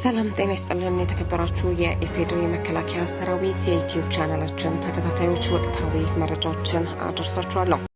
ሰላም ጤና ይስጥልን። የተከበራችሁ የኢፌዴሪ መከላከያ ሰራዊት የዩትዩብ ቻናላችን ተከታታዮች ወቅታዊ መረጃዎችን አደርሳችኋለሁ።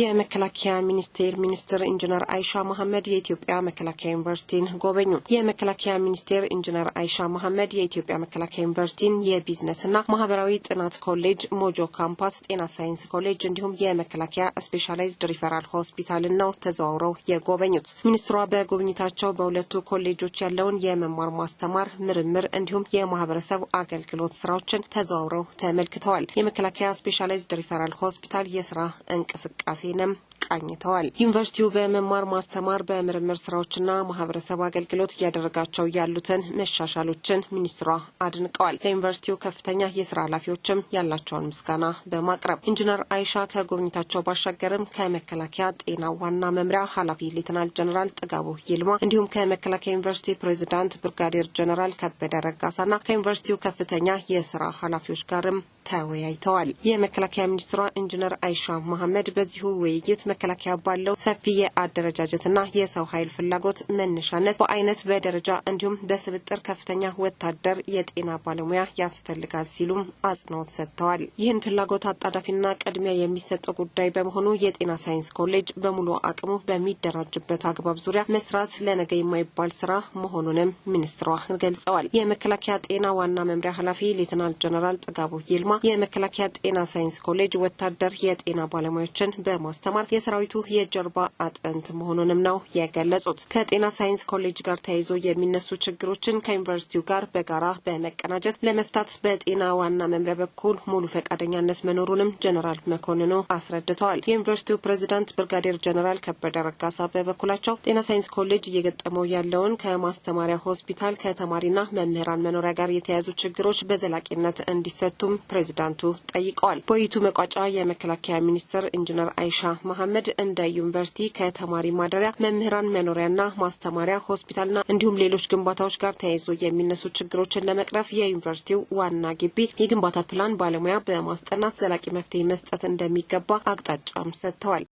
የመከላከያ ሚኒስቴር ሚኒስትር ኢንጂነር አይሻ መሐመድ የኢትዮጵያ መከላከያ ዩኒቨርሲቲን ጎበኙ። የመከላከያ ሚኒስቴር ኢንጂነር አይሻ መሐመድ የኢትዮጵያ መከላከያ ዩኒቨርሲቲን የቢዝነስና ማህበራዊ ጥናት ኮሌጅ፣ ሞጆ ካምፓስ፣ ጤና ሳይንስ ኮሌጅ እንዲሁም የመከላከያ ስፔሻላይዝድ ሪፈራል ሆስፒታልን ነው ተዘዋውረው የጎበኙት። ሚኒስትሯ በጉብኝታቸው በሁለቱ ኮሌጆች ያለውን የመማር ማስተማር፣ ምርምር እንዲሁም የማህበረሰብ አገልግሎት ስራዎችን ተዘዋውረው ተመልክተዋል። የመከላከያ ስፔሻላይዝድ ሪፈራል ሆስፒታል የስራ እንቅስቃሴ መፍትሄንም ቃኝተዋል። ዩኒቨርሲቲው በመማር ማስተማር በምርምር ስራዎችና ማህበረሰብ አገልግሎት እያደረጋቸው ያሉትን መሻሻሎችን ሚኒስትሯ አድንቀዋል። ለዩኒቨርሲቲው ከፍተኛ የስራ ኃላፊዎችም ያላቸውን ምስጋና በማቅረብ ኢንጂነር አይሻ ከጉብኝታቸው ባሻገርም ከመከላከያ ጤና ዋና መምሪያ ኃላፊ ሌትናል ጀነራል ጥጋቡ ይልማ እንዲሁም ከመከላከያ ዩኒቨርሲቲ ፕሬዚዳንት ብርጋዴር ጀነራል ከበደ ረጋሳና ከዩኒቨርሲቲው ከፍተኛ የስራ ኃላፊዎች ጋርም ተወያይተዋል። የመከላከያ ሚኒስትሯ ኢንጂነር አይሻ መሐመድ በዚሁ ውይይት መከላከያ ባለው ሰፊ የአደረጃጀትና የሰው ኃይል ፍላጎት መነሻነት በአይነት በደረጃ እንዲሁም በስብጥር ከፍተኛ ወታደር የጤና ባለሙያ ያስፈልጋል ሲሉም አጽንኦት ሰጥተዋል። ይህን ፍላጎት አጣዳፊና ቅድሚያ የሚሰጠው ጉዳይ በመሆኑ የጤና ሳይንስ ኮሌጅ በሙሉ አቅሙ በሚደራጅበት አግባብ ዙሪያ መስራት ለነገ የማይባል ስራ መሆኑንም ሚኒስትሯ ገልጸዋል። የመከላከያ ጤና ዋና መምሪያ ኃላፊ ሌትናል ጀነራል ጥጋቡ ይልማ የመከላከያ ጤና ሳይንስ ኮሌጅ ወታደር የጤና ባለሙያዎችን በማስተማር የሰራዊቱ የጀርባ አጥንት መሆኑንም ነው የገለጹት። ከጤና ሳይንስ ኮሌጅ ጋር ተያይዞ የሚነሱ ችግሮችን ከዩኒቨርሲቲው ጋር በጋራ በመቀናጀት ለመፍታት በጤና ዋና መምሪያ በኩል ሙሉ ፈቃደኛነት መኖሩንም ጀነራል መኮንኑ አስረድተዋል። የዩኒቨርሲቲው ፕሬዚዳንት ብርጋዴር ጀነራል ከበደ ረጋሳ በበኩላቸው ጤና ሳይንስ ኮሌጅ እየገጠመው ያለውን ከማስተማሪያ ሆስፒታል ከተማሪና መምህራን መኖሪያ ጋር የተያያዙ ችግሮች በዘላቂነት እንዲፈቱም ፕሬዚዳንት ፕሬዚዳንቱ ጠይቀዋል። በውይይቱ መቋጫ የመከላከያ ሚኒስትር ኢንጂነር አይሻ መሐመድ እንደ ዩኒቨርሲቲ ከተማሪ ማደሪያ መምህራን መኖሪያና ማስተማሪያ ሆስፒታልና እንዲሁም ሌሎች ግንባታዎች ጋር ተያይዞ የሚነሱ ችግሮችን ለመቅረፍ የዩኒቨርሲቲው ዋና ግቢ የግንባታ ፕላን ባለሙያ በማስጠናት ዘላቂ መፍትሄ መስጠት እንደሚገባ አቅጣጫም ሰጥተዋል።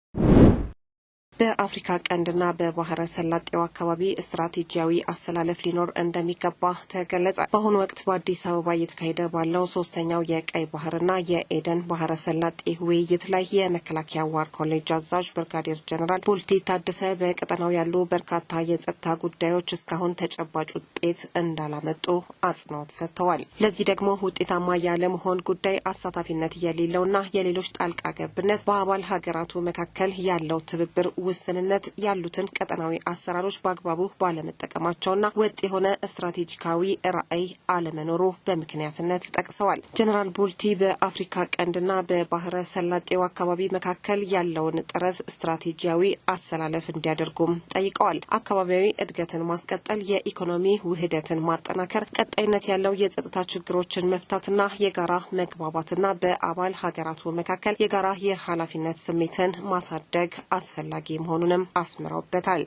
በአፍሪካ ቀንድና በባህረ ሰላጤው አካባቢ ስትራቴጂያዊ አሰላለፍ ሊኖር እንደሚገባ ተገለጸ። በአሁኑ ወቅት በአዲስ አበባ እየተካሄደ ባለው ሶስተኛው የቀይ ባህርና የኤደን ባህረ ሰላጤ ውይይት ላይ የመከላከያ ዋር ኮሌጅ አዛዥ ብርጋዴር ጀኔራል ቡልቲ ታደሰ በቀጠናው ያሉ በርካታ የጸጥታ ጉዳዮች እስካሁን ተጨባጭ ውጤት እንዳላመጡ አጽንኦት ሰጥተዋል። ለዚህ ደግሞ ውጤታማ ያለመሆን ጉዳይ አሳታፊነት የሌለውና የሌሎች ጣልቃ ገብነት በአባል ሀገራቱ መካከል ያለው ትብብር ውስንነት ያሉትን ቀጠናዊ አሰራሮች በአግባቡ ባለመጠቀማቸውና ወጥ የሆነ ስትራቴጂካዊ ራዕይ አለመኖሩ በምክንያትነት ጠቅሰዋል። ጀነራል ቦልቲ በአፍሪካ ቀንድና በባህረ ሰላጤው አካባቢ መካከል ያለውን ጥረት ስትራቴጂያዊ አሰላለፍ እንዲያደርጉም ጠይቀዋል። አካባቢያዊ እድገትን ማስቀጠል፣ የኢኮኖሚ ውህደትን ማጠናከር፣ ቀጣይነት ያለው የጸጥታ ችግሮችን መፍታትና የጋራ መግባባትና በአባል ሀገራቱ መካከል የጋራ የኃላፊነት ስሜትን ማሳደግ አስፈላጊ መሆኑንም አስምረውበታል።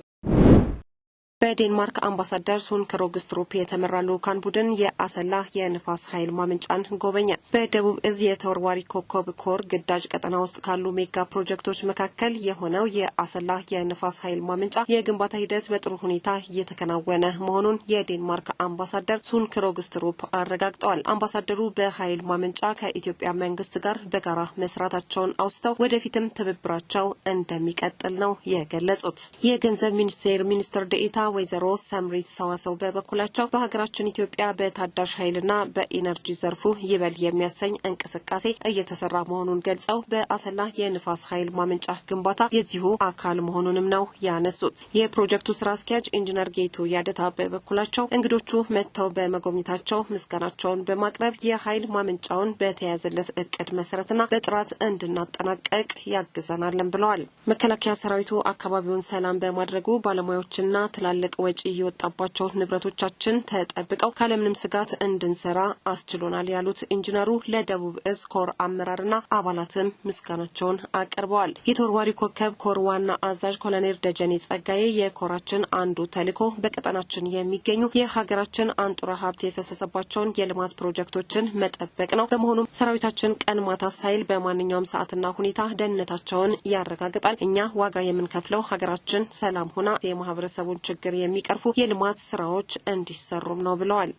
በዴንማርክ አምባሳደር ሱን ክሮግስትሩፕ የተመራ ልኡካን ቡድን የአሰላ የንፋስ ኃይል ማመንጫን ጎበኘ። በደቡብ እዝ የተወርዋሪ ኮከብ ኮር ግዳጅ ቀጠና ውስጥ ካሉ ሜጋ ፕሮጀክቶች መካከል የሆነው የአሰላ የንፋስ ኃይል ማመንጫ የግንባታ ሂደት በጥሩ ሁኔታ እየተከናወነ መሆኑን የዴንማርክ አምባሳደር ሱን ክሮግስትሩፕ አረጋግጠዋል። አምባሳደሩ በኃይል ማመንጫ ከኢትዮጵያ መንግስት ጋር በጋራ መስራታቸውን አውስተው ወደፊትም ትብብራቸው እንደሚቀጥል ነው የገለጹት። የገንዘብ ሚኒስቴር ሚኒስትር ደኤታ ወይዘሮ ሰምሪት ሰዋሰው በበኩላቸው በሀገራችን ኢትዮጵያ በታዳሽ ኃይልና በኢነርጂ ዘርፉ ይበል የሚያሰኝ እንቅስቃሴ እየተሰራ መሆኑን ገልጸው በአሰላ የንፋስ ኃይል ማመንጫ ግንባታ የዚሁ አካል መሆኑንም ነው ያነሱት። የፕሮጀክቱ ስራ አስኪያጅ ኢንጂነር ጌቱ ያደታ በበኩላቸው እንግዶቹ መጥተው በመጎብኘታቸው ምስጋናቸውን በማቅረብ የኃይል ማመንጫውን በተያያዘለት እቅድ መሰረትና በጥራት እንድናጠናቀቅ ያግዘናለን ብለዋል። መከላከያ ሰራዊቱ አካባቢውን ሰላም በማድረጉ ባለሙያዎችና ትላል ያላለቀ ወጪ የወጣባቸው ንብረቶቻችን ተጠብቀው ካለምንም ስጋት እንድንሰራ አስችሎናል ያሉት ኢንጂነሩ ለደቡብ እዝ ኮር አመራርና አባላትም ምስጋናቸውን አቅርበዋል። የተወርዋሪ ኮከብ ኮር ዋና አዛዥ ኮሎኔል ደጀኔ ጸጋዬ የኮራችን አንዱ ተልዕኮ በቀጠናችን የሚገኙ የሀገራችን አንጡራ ሀብት የፈሰሰባቸውን የልማት ፕሮጀክቶችን መጠበቅ ነው። በመሆኑም ሰራዊታችን ቀን ማታ ሳይል በማንኛውም ሰዓትና ሁኔታ ደህንነታቸውን ያረጋግጣል። እኛ ዋጋ የምንከፍለው ሀገራችን ሰላም ሆና የማህበረሰቡን ችግር ችግር የሚቀርፉ የልማት ስራዎች እንዲሰሩም ነው ብለዋል።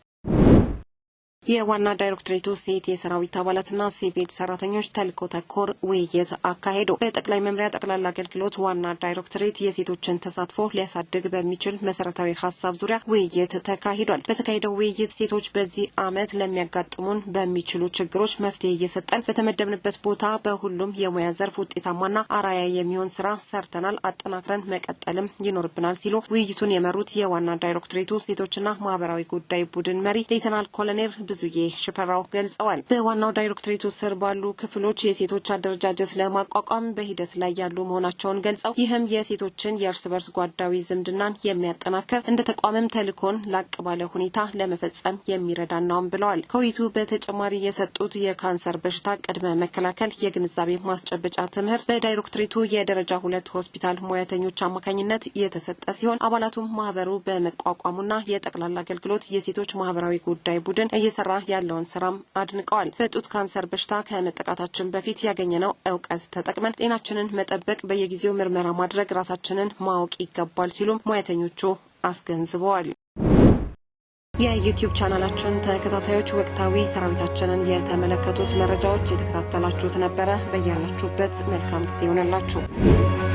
የዋና ዳይሬክቶሬቱ ሴት የሰራዊት አባላትና ሲቪል ሰራተኞች ተልእኮ ተኮር ውይይት አካሄዱ። በጠቅላይ መምሪያ ጠቅላላ አገልግሎት ዋና ዳይሬክቶሬት የሴቶችን ተሳትፎ ሊያሳድግ በሚችል መሰረታዊ ሀሳብ ዙሪያ ውይይት ተካሂዷል። በተካሄደው ውይይት ሴቶች በዚህ ዓመት ለሚያጋጥሙን በሚችሉ ችግሮች መፍትሄ እየሰጠን በተመደብንበት ቦታ በሁሉም የሙያ ዘርፍ ውጤታማና አራያ የሚሆን ስራ ሰርተናል፣ አጠናክረን መቀጠልም ይኖርብናል ሲሉ ውይይቱን የመሩት የዋና ዳይሬክቶሬቱ ሴቶችና ማህበራዊ ጉዳይ ቡድን መሪ ሌተናል ኮሎኔል ብዙዬ ሽፈራው ገልጸዋል። በዋናው ዳይሬክቶሬቱ ስር ባሉ ክፍሎች የሴቶች አደረጃጀት ለማቋቋም በሂደት ላይ ያሉ መሆናቸውን ገልጸው ይህም የሴቶችን የእርስ በርስ ጓዳዊ ዝምድናን የሚያጠናክር እንደ ተቋምም ተልእኮን ላቅ ባለ ሁኔታ ለመፈጸም የሚረዳ ነውም ብለዋል። ከውይይቱ በተጨማሪ የሰጡት የካንሰር በሽታ ቅድመ መከላከል የግንዛቤ ማስጨበጫ ትምህርት በዳይሬክቶሬቱ የደረጃ ሁለት ሆስፒታል ሙያተኞች አማካኝነት የተሰጠ ሲሆን አባላቱም ማህበሩ በመቋቋሙና የጠቅላላ አገልግሎት የሴቶች ማህበራዊ ጉዳይ ቡድን እየሰራ እየሰራ ያለውን ስራም አድንቀዋል። በጡት ካንሰር በሽታ ከመጠቃታችን በፊት ያገኘነው እውቀት ተጠቅመን ጤናችንን መጠበቅ፣ በየጊዜው ምርመራ ማድረግ፣ ራሳችንን ማወቅ ይገባል ሲሉም ሙያተኞቹ አስገንዝበዋል። የዩቲዩብ ቻናላችን ተከታታዮች ወቅታዊ ሰራዊታችንን የተመለከቱት መረጃዎች የተከታተላችሁት ነበረ። በያላችሁበት መልካም ጊዜ ይሆንላችሁ።